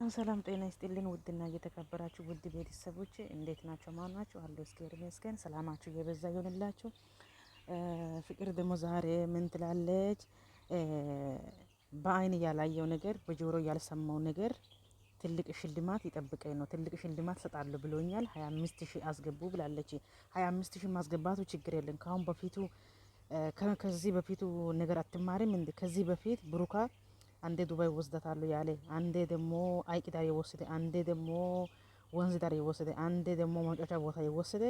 አሁን ሰላም ጤና ይስጥልን። ውድና እየተከበራችሁ ውድ ቤተሰቦች እንዴት ናቸው? ማን ናቸው አሉ። እግዚአብሔር ይመስገን። ሰላማችሁ የበዛ ይሆንላችሁ። ፍቅር ደግሞ ዛሬ ምን ትላለች? በአይን ያላየው ነገር በጆሮ ያልሰማው ነገር ትልቅ ሽልማት ይጠብቀኝ ነው። ትልቅ ሽልማት ሰጣለሁ ብሎኛል። ሀያ አምስት ሺህ አስገቡ ብላለች። ሀያ አምስት ሺህ ማስገባቱ ችግር የለም። ከአሁን በፊቱ ከዚህ በፊቱ ነገር አትማሪም። እንዴ? ከዚህ በፊት ብሩካ አንዴ ዱባይ ወስደታሉ ያለ፣ አንዴ ደግሞ ሀይቅ ዳር የወሰደ፣ አንዴ ደግሞ ወንዝ ዳር የወሰደ፣ አንዴ ደግሞ መጫወቻ ቦታ የወሰደ፣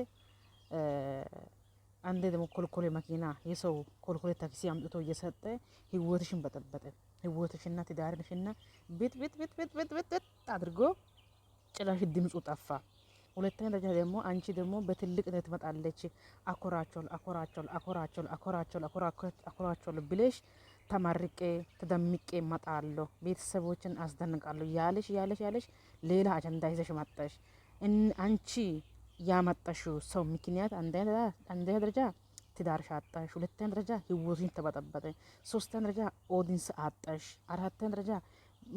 አንዴ ደግሞ ኮልኮሌ መኪና የሰው ኮልኮሌ ታክሲ አምጥቶ እየሰጠ ህይወትሽን በጠበጠ። ህይወትሽና ትዳርንሽና ቤት ቤት ቤት ቤት ቤት ቤት አድርጎ ጭላሽ ድምፁ ጠፋ። ሁለተኛ ደረጃ ደግሞ አንቺ ደግሞ ነት መጣለች አኮራቸዋል አኮራቸዋል አኮራቸዋል አኮራቸዋል አኮራቸዋል ብለሽ ተመርቄ ተደምቄ እመጣለሁ፣ ቤተሰቦችን አስደንቃለሁ ያለሽ ያለሽ ያለሽ ሌላ አጀንዳ ይዘሽ መጣሽ። አንቺ ያመጣሽው ሰው ምክንያት አንደኛ ደረጃ ትዳርሽ አጣሽ፣ ሁለተኛ ደረጃ ህይወትሽ ተበጠበጠ፣ ሶስተኛ ደረጃ ኦዲንስ አጣሽ፣ አራተኛ ደረጃ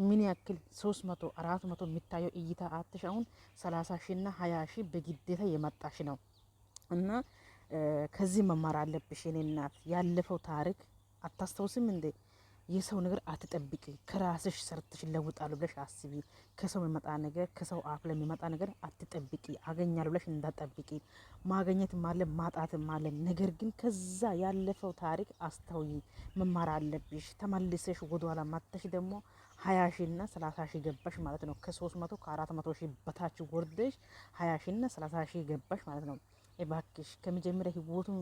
ምን ያክል ሶስት መቶ አራት መቶ የሚታየው እይታ አጣሽ። አሁን ሰላሳ ሺ ና ሀያ ሺ በግዴታ የመጣሽ ነው እና ከዚህ መማር አለብሽ የኔ እናት ያለፈው ታሪክ አታስታውስም እንዴ? የሰው ነገር አትጠብቂ። ከራስሽ ሰርተሽ ለውጣሉ ብለሽ አስቢ። ከሰው የሚመጣ ነገር ከሰው አፍ ላይ የሚመጣ ነገር አትጠብቂ። አገኛሉ ብለሽ እንዳጠብቂ። ማገኘትም አለ ማጣትም አለ። ነገር ግን ከዛ ያለፈው ታሪክ አስተውይ። መማር አለብሽ። ተመልሰሽ ወደኋላ ማተሽ ደግሞ ሀያ ሺና ሰላሳ ሺ ገባሽ ማለት ነው። ከሶስት መቶ ከአራት መቶ ሺ በታች ወርደሽ ሀያ ሺና ሰላሳ ሺ ገባሽ ማለት ነው። እባክሽ ከመጀመሪያ ህይወቱን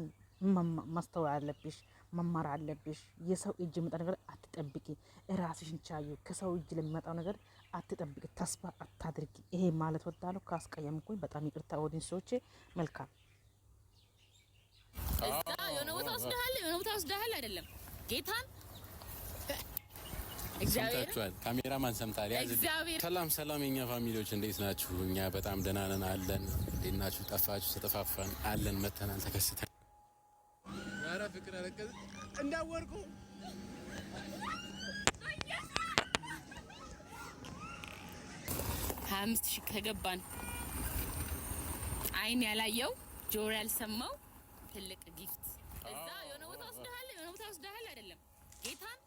ማስተዋል አለብሽ። መማር አለብሽ። የሰው እጅ የመጣ ነገር አትጠብቂ። ራስሽን ቻዩ። ከሰው እጅ ለሚመጣው ነገር አትጠብቂ፣ ተስፋ አታድርጊ። ይሄ ማለት ወዳለሁ። ካስቀየምኩኝ በጣም ይቅርታ። ወዲን ኦዲንሶቼ መልካም የሆነ ቦታ ወስደሃል፣ የሆነ ቦታ ወስደሃል። አይደለም ጌታን ሰምታችኋል። ካሜራማን ሰምታል። ሰላም ሰላም፣ የኛ ፋሚሊዎች እንዴት ናችሁ? እኛ በጣም ደህና ነን አለን። እንዴት ናችሁ? ጠፋችሁ? ተጠፋፋን አለን። መተናል ተከስተን ፍቅር አለቀስ እንዳወርቁ ሀያ አምስት ሺህ ከገባን አይን ያላየው ጆሮ ያልሰማው ትልቅ ጊፍት እዛ የሆነ ቦታ ወስደሃል፣ የሆነ ቦታ ወስደሃል። አይደለም ጌታን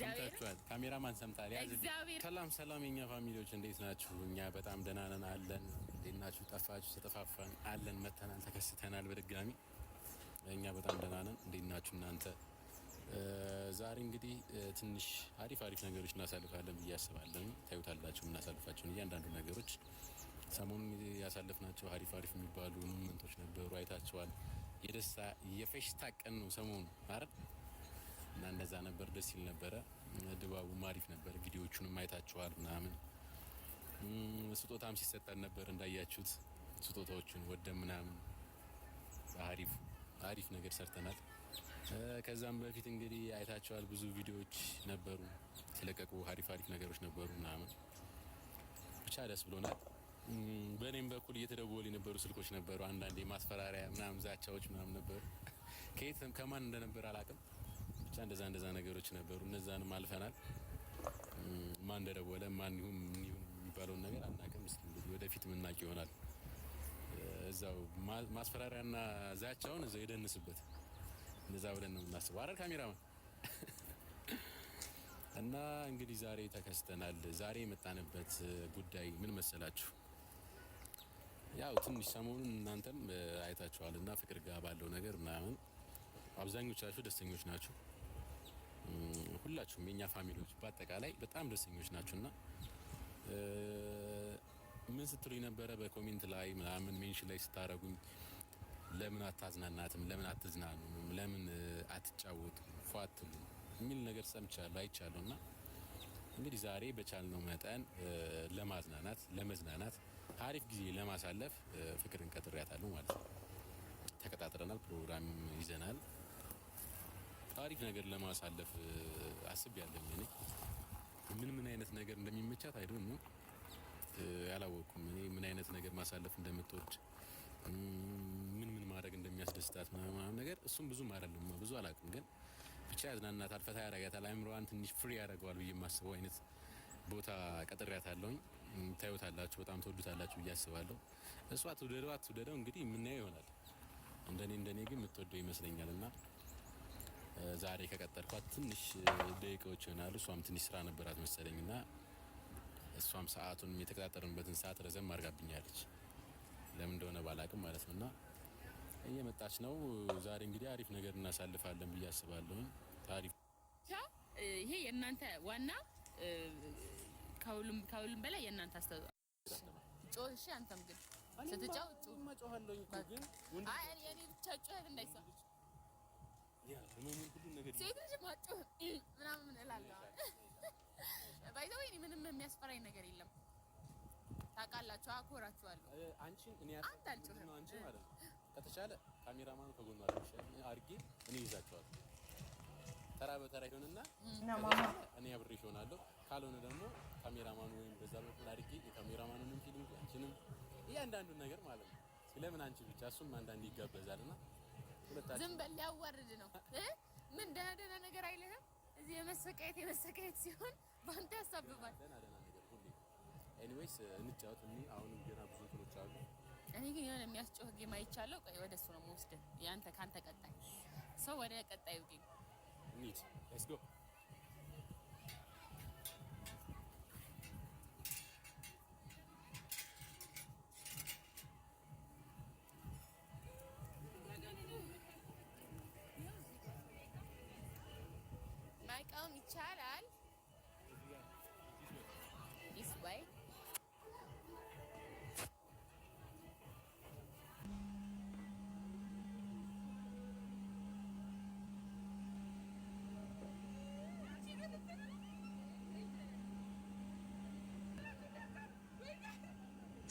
ሰምታችኋል። ካሜራማን ሰምታል። ሰላም ሰላም፣ የኛ ፋሚሊዎች እንዴት ናችሁ? እኛ በጣም ደህና ነን አለን። እንዴት ናችሁ? ጠፋችሁ? ተጠፋፋን አለን። መተናል፣ ተከስተናል በድጋሚ እኛ በጣም ደህና ነን። እንዴት ናችሁ እናንተ? ዛሬ እንግዲህ ትንሽ አሪፍ አሪፍ ነገሮች እናሳልፋለን ብዬ አስባለሁ። ታዩታላችሁ የምናሳልፋቸውን እያንዳንዱ ነገሮች። ሰሞኑን ያሳለፍናቸው አሪፍ አሪፍ የሚባሉ ሞመንቶች ነበሩ፣ አይታችኋል። የደስታ የፌሽታ ቀን ነው ሰሞኑ አይደል? እና እንደዛ ነበር፣ ደስ ይል ነበረ። ድባቡም አሪፍ ነበር። ቪዲዮቹንም አይታችኋል ምናምን ስጦታም ሲሰጣን ነበር እንዳያችሁት፣ ስጦታዎቹን ወደ ምናምን አሪፍ ነገር ሰርተናል። ከዛም በፊት እንግዲህ አይታቸዋል ብዙ ቪዲዮዎች ነበሩ የተለቀቁ አሪፍ አሪፍ ነገሮች ነበሩ ምናምን ብቻ ደስ ብሎናል። በእኔም በኩል እየተደወሉ የነበሩ ስልኮች ነበሩ። አንዳንዴ ማስፈራሪያ ምናምን ዛቻዎች ምናምን ነበሩ። ከየት ከማን እንደነበር አላቅም። ብቻ እንደዛ እንደዛ ነገሮች ነበሩ። እነዛንም አልፈናል። ማን እንደደወለ ማን ይሁን ምን ይሁን የሚባለውን ነገር አናቅም። እስኪ ወደፊት ምናቅ ይሆናል። እዛው ማስፈራሪያና ዛቻውን እዛው የደንስበት እንደዛ ብለን ነው የምናስበው። አረር ካሜራማን እና እንግዲህ ዛሬ ተከስተናል። ዛሬ የመጣንበት ጉዳይ ምን መሰላችሁ? ያው ትንሽ ሰሞኑን እናንተም አይታችኋል እና ፍቅር ጋር ባለው ነገር ምናምን አብዛኞቻችሁ ደስተኞች ናችሁ። ሁላችሁም የኛ ፋሚሊዎች በአጠቃላይ በጣም ደስተኞች ናችሁ እና ምን ስትሉኝ ነበረ? በኮሜንት ላይ ምናምን ሜንሽን ላይ ስታደረጉኝ ለምን አታዝናናትም? ለምን አትዝናኑም? ለምን አትጫወቱም? ፏትሉ የሚል ነገር ሰምቻለሁ፣ አይቻለሁ። እና እንግዲህ ዛሬ በቻልነው መጠን ለማዝናናት፣ ለመዝናናት፣ አሪፍ ጊዜ ለማሳለፍ ፍቅርን ቀጥሬያታለሁ ማለት ነው። ተቀጣጥረናል፣ ፕሮግራም ይዘናል። አሪፍ ነገር ለማሳለፍ አስቤያለሁ። እኔ ምን ምን አይነት ነገር እንደሚመቻት አይደለም አላወቅኩም። እኔ ምን አይነት ነገር ማሳለፍ እንደምትወድ ምን ምን ማድረግ እንደሚያስደስታት ምናምን ነገር እሱም ብዙም አይደለም ብዙ አላውቅም፣ ግን ብቻ ያዝናናታል፣ ፈታ ያደርጋታል፣ አይምሮዋን ትንሽ ፍሪ ያደርገዋል ብዬ የማስበው አይነት ቦታ ቀጥሬያት ታዩታላችሁ፣ በጣም ትወዱታላችሁ ብዬ አስባለሁ። እሷ ትውደደው አትውደደው እንግዲህ የምናየው ይሆናል። እንደኔ እንደኔ ግን የምትወደው ይመስለኛል እና ዛሬ ከቀጠርኳት ትንሽ ደቂቃዎች ይሆናሉ። እሷም ትንሽ ስራ ነበራት መሰለኝ እና እሷም ሰዓቱን የተቀጣጠርንበትን ሰዓት ረዘም አድርጋብኛለች። ለምን እንደሆነ ባላቅም ማለት ነው። እና እየመጣች ነው። ዛሬ እንግዲህ አሪፍ ነገር እናሳልፋለን ብዬ አስባለሁ። ታሪፍ ይሄ የእናንተ ዋና ከሁሉም በላይ የእናንተ አስተዋ ጮህ። እሺ አንተም ግን ስትጫወት እኔ ብቻ ሴት ልጅ ማጮህ ምናምን እላለሁ ባይዘው ምንም የሚያስፈራኝ ነገር የለም። ታውቃላችሁ፣ አኮራችኋለሁ። አንቺን እኔ አንተ አልጮህም ነው አንቺ ማለት ነው። ከተቻለ ካሜራማኑ ከጎኑ አድርጌ እኔ ይዛቸዋለሁ። ተራ በተራ ይሆንና እኔ አብሬሽ ካልሆነ ደግሞ ካሜራማኑ ወይም በዛ በኩል አድርጌ የካሜራማኑንም ፊልም አንቺንም እያንዳንዱን ነገር ማለት ነው። ስለምን አንቺ ብቻ እሱም አንዳንድ ይጋበዛልና ዝም በል ሊያዋርድ ነው። ምን ደህና ደህና ነገር አይልህም። እዚህ የመሰቃየት የመሰቃየት ሲሆን በአንተ ያሳብባል። አሁንም ገና ብዙ እንትኖች አሉ። እኔ ግን የሆነ የሚያስጨውህ ጌም አይቻለሁ። ቆይ ወደ እሱ ነው የምወስድህ። ያንተ ካንተ ቀጣይ ሰው ወደ ቀጣዩ ጌም እንሂድ። ሌትስ ጎ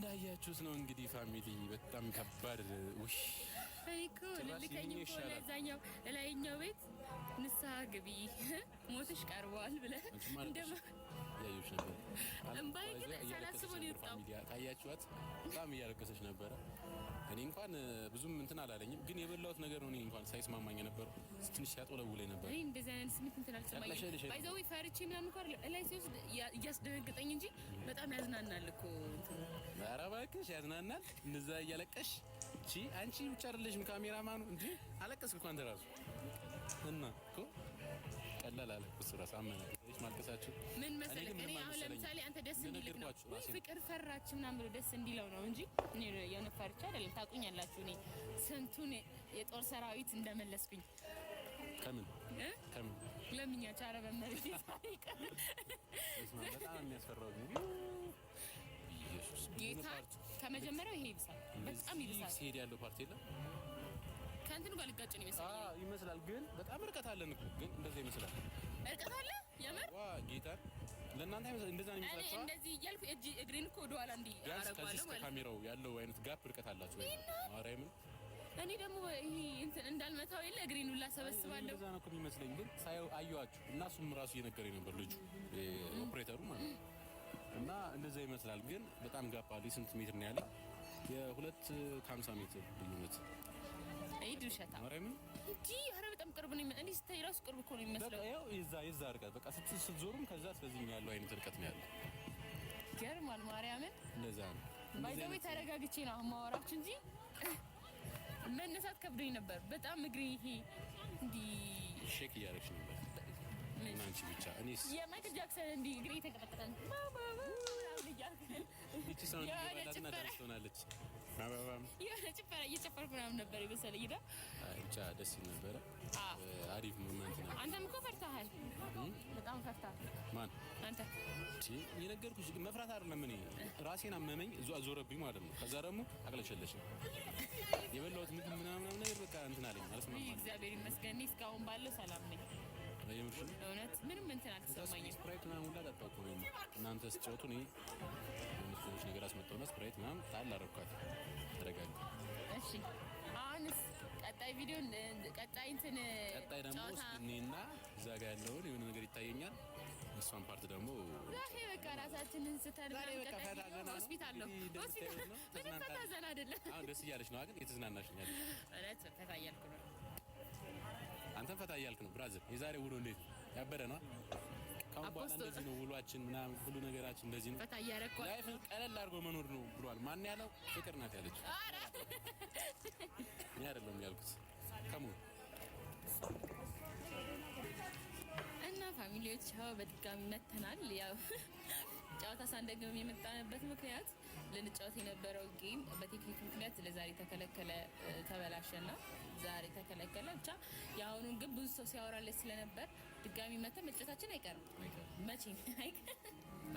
እንዳያችሁት ነው እንግዲህ ፋሚሊ በጣም ከባድ ውሽ እኮ ልልከኝ እኮ ለዛኛው ለላይኛው ቤት ንስሐ ግቢ ሞትሽ ቀርቧል ብለህ እንደማ ያዩሽ ነበር። ግን ነው የወጣው። በጣም እያለቀሰች ነበረ። እኔ እንኳን ብዙም እንትን አላለኝም፣ ግን የበላሁት ነገር ነው እኔ እንኳን ሳይስማማኝ ነበር። ትንሽ ነበር። እኔ እንደዚህ አይነት ስሜት እንትን አልሰማኝም። ፈርቼ ምናምን እኮ ሲወስድ እያስደነግጠኝ እንጂ በጣም ያዝናናል እኮ እንትን ኧረ እባክሽ ያዝናናል። እንደዛ እያለቀሽ እቺ አንቺ ብቻ አይደለሽም ካሜራማኑ እንጂ አለቀስክ እኮ አንተ ራሱ እና እኮ ቀላል አለ እሱ ራሱ አመነ። እሺ ማልቀሳችሁ ምን መሰለህ፣ እኔ አሁን ለምሳሌ አንተ ደስ እንዲልክ ነው ወይ ፍቅር ፈራች ምናምን ብሎ ደስ እንዲለው ነው እንጂ እኔ የሆነ ፈርቻ አይደለም። ታውቁኛላችሁ፣ እኔ ስንቱን የጦር ሰራዊት እንደመለስኩኝ ከምን ከምን ለምኛቸው። ኧረ በመሬት ይቀር በጣም የሚያስፈራው ከመጀመሪያው ይሄ ይብሳል፣ በጣም ይብሳል። ሲሄድ ያለው ፓርቲ የለም ከእንትኑ ጋር ሊጋጭ ነው ይመስላል። አዎ ይመስላል፣ ግን በጣም እርቀት አለን እኮ። ግን እንደዛ ይመስላል፣ እርቀት አለ። የምር ዋ ጌታ ለእናንተ እንደዛ ነው የሚመስላችሁ። እኔ እንደዚህ እያልኩ እጅ እግሬን እኮ ወደ እንዲህ አረጋለሁ ማለት ካሜራው ያለው አይነት ጋፕ እርቀት አላችሁ። ማርያምን እኔ ደግሞ ይሄ እንትን እንዳልመታው የለ እግሬን ሁላ ሰበስባለሁ። እንደዛ ነው እኮ የሚመስለኝ፣ ግን ሳየው አየኋችሁ እና እሱም ራሱ እየነገረኝ ነበር ልጁ ኦፕሬተሩ ማለት ነው እና እንደዛ ይመስላል። ግን በጣም ጋባ ስንት ሜትር ነው ያለ? የሁለት ከሀምሳ ሜትር ልዩነት ስትዞሩም ከዛ ስለዚህ ያለው አይነት ነው ያለው። ገርማል ማርያምን። እንደዛ ነው ባይዘው ተረጋግቼ ነው ማወራችሁ እንጂ መነሳት ከብዶኝ ነበር በጣም እግሬ ይሄ እንዲህ ሼክ ነበር እናንቺ ብቻ እኔስ የማይክል ጃክሰን እንዲህ እግሬ ተቀጠቀጠ። የሆነ ጭፈራ እየጨፈርኩ ምናምን ነበር የመሰለኝ እና ብቻ ደስ ይል ነበረ። አሪፍ ሞመንት ነው። አንተም እኮ ፈርተሃል፣ በጣም ፈርተሃል። ማን አንተ? የነገርኩሽ መፍራት አይደለም። እኔ ራሴን አመመኝ ዞረብኝ ማለት ነው። ከዛ ደግሞ አቅለሸለሽ የበላሁት ምግብ ምናምን ነገር በቃ እንትን አለኝ ማለት ነው። እግዚአብሔር ይመስገን እስካሁን ባለው ሰላም ነኝ። እውነት ምንም እንትን አልተሰማኝም። ስፕራይት ምናምን ሁላ ጠጣሁ እኮ ጣል አደረኳት። ተረጋጋ። እሺ አሁንስ ቀጣይ ቪዲዮ ቀጣይ እንትን ቀጣይ ደግሞ እኔና እዛ ጋ ያለውን የሆነ ነገር ይታየኛል። እሷን ፓርት ደግሞ ዛሬ በቃ ራሳችንን ስተን ሆስፒታል ነው ሆስፒታል ምንም ፈታዘን አይደለም። አሁን ደስ እያለች ነው ግን የተዝናናሽኛል። እውነት ፈታ ነው አንተን ፈታ እያልክ ነው ብራዘር። የዛሬ ውሎ እንዴት ያበረ ነው። ካሁን በኋላ እንደዚህ ነው ውሏችን፣ ምናምን ሁሉ ነገራችን እንደዚህ ነው። ፈታ እያረኩ ላይፍን ቀለል አድርጎ መኖር ነው ብሏል። ማን ያለው? ፍቅር ናት ያለችው። ኧረ እኔ አይደለም ያልኩት። ከሙ እና ፋሚሊዎች ያው በድጋሚ መተናል። ያው ጨዋታ ሳንደግም የመጣንበት ምክንያት ልንጫወት የነበረው ጌም በቴክኒክ ምክንያት ለዛሬ ተከለከለ፣ ተበላሸና ዛሬ ተከለከለ። ብቻ የአሁኑን ግን ብዙ ሰው ሲያወራለች ስለነበር ድጋሚ መተን መጨታችን አይቀርም። መቼም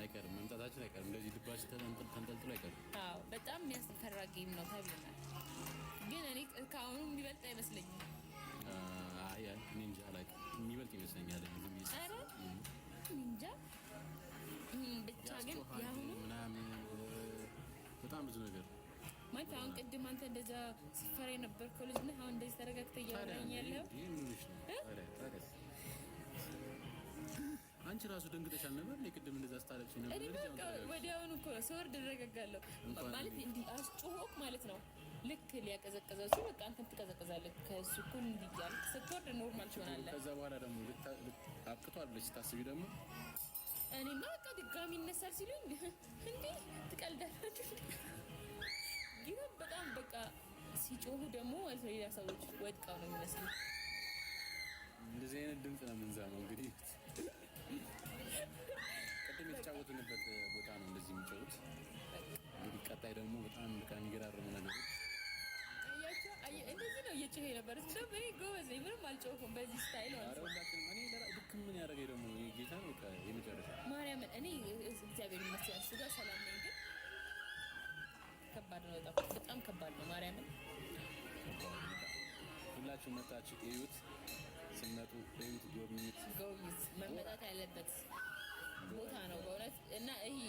አይቀርም፣ መምጣታችን አይቀርም። እንደዚህ ልባችን ተንጠልጥሎ አይቀርም። አዎ፣ በጣም የሚያስፈራ ጌም ነው ተብለናል። ግን እኔ ከአሁኑ የሚበልጥ አይመስለኝም። እኔ እንጃ ቅድም አንተ እንደዛ ስፈራ የነበርከው ልጅ ነህ። አሁን እንደዚህ ተረጋግተ እያወራኝ አንቺ ራሱ ደንግጠሻል ነበር። እኔ ቅድም እንደዛ ስታለቅሽ ነበር። ወዲያውኑ እኮ ስወርድ እረጋጋለሁ ማለት እንዲህ አስጮሆክ ማለት ነው። ልክ ሊያቀዘቀዘው ሲል በቃ አንተም ትቀዘቀዛለህ። ከእሱ እኮ እንዲህ እያልክ ስትወርድ ኖርማል ትሆናለህ። ከዛ በኋላ ደግሞ አብቅቷል ብለሽ ስታስቢ ደግሞ እኔማ በቃ ድጋሚ ይነሳል ሲሉ እንዲህ ትቀልዳላችሁ ጌታ በጣም በቃ ሲጮሁ ደግሞ ሌላ ሰዎች ወድቀው ነው የሚመስለው። እንደዚህ አይነት ድምፅ ነው የምንሰማው። እንግዲህ ቅድም የተጫወቱንበት ቦታ ነው እንደዚህ የሚጫወት። እንግዲህ ቀጣይ ደግሞ በጣም በቃ የሚገራርሙ ነገሮች እንደዚህ ነው እየጮህ የነበረ እኔ ጎበዝ ምንም አልጮሁም። በዚህ ስታይል ልክ ምን ያደረገ ደግሞ ጌታ የመጨረሻ ማርያምን እኔ እግዚአብሔር ይመስገን እሱ ጋር ሰላም ነኝ ከባድ ነው። በጣም ከባድ ነው። ማርያምን ሁላችሁ መታችሁ እዩት። ስመጡ እዩት፣ ጎብኝት፣ ጎብኝት። መመጣት ያለበት ቦታ ነው በእውነት እና ይሄ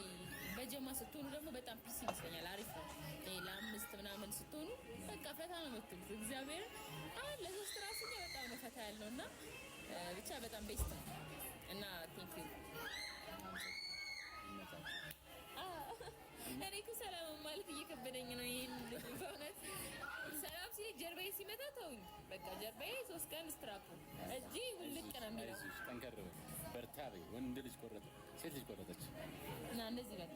በጀማ ስትሆኑ ደግሞ በጣም ፒስ ይመስለኛል። አሪፍ ነው። ይሄ ለአምስት ምናምን ስትሆኑ በቃ ፈታ ነው የምትሉት። እግዚአብሔር አሁን ለሶስት ራሱ በጣም ነው ፈታ ያለው እና ብቻ በጣም ቤስት ነው እና ቴንክ ዩ እኔ ሰላም እየከበደኝ ነው። ይሄን በእውነት ሰላም ሲል ጀርባዬ ሲመታ ተውኝ። በቃ ጀርባዬ ሶስት ቀን ስትራፕ እጅ ውልቅ ነው የሚለው። ጠንከር በይ፣ በርታ በይ። ወንድ ልጅ ቆረጠ፣ ሴት ልጅ ቆረጠች እና እንደዚህ በቃ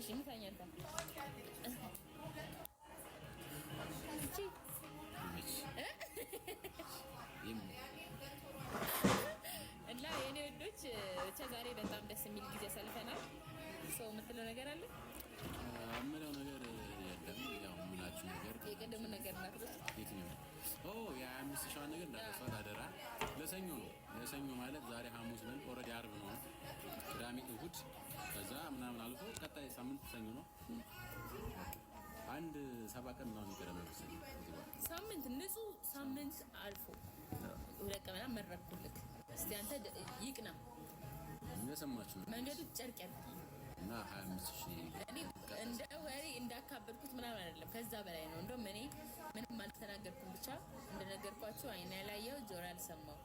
እሺ እንታኛለን ላይ በጣም ደስ የሚል ጊዜ አሳልፈናል። ሰው የምትለው ነገር አለ? የምለው ነገር የለም። ያው የምላችሁ ነገር የቀደሙ ነገር ናት። የአምስት ሺህ ነገር እንዳትረሷት አደራ። ለሰኞ ነው። ለሰኞ ማለት ዛሬ ሐሙስ ነን፣ ኦልሬዲ አርብ ነው፣ ቅዳሜ እሁድ ከዛ ምናምን አልፎ ቀጣይ ሳምንት ሰኞ ነው። አንድ ሰባ ቀን ምናምን ይቀረና ሳምንት ንጹህ ሳምንት አልፎ ሁለት ቀን መረኩልክ። እስቲ አንተ ይቅና የሰማችሁ ነው። መንገዱ ጨርቅ እና ሀያ አምስት እንደ ወሬ እንዳካበድኩት ምናምን አይደለም፣ ከዛ በላይ ነው። እንደውም እኔ ምንም አልተናገርኩም፣ ብቻ እንደነገርኳችሁ አይን ያላየው ጆሮ አልሰማው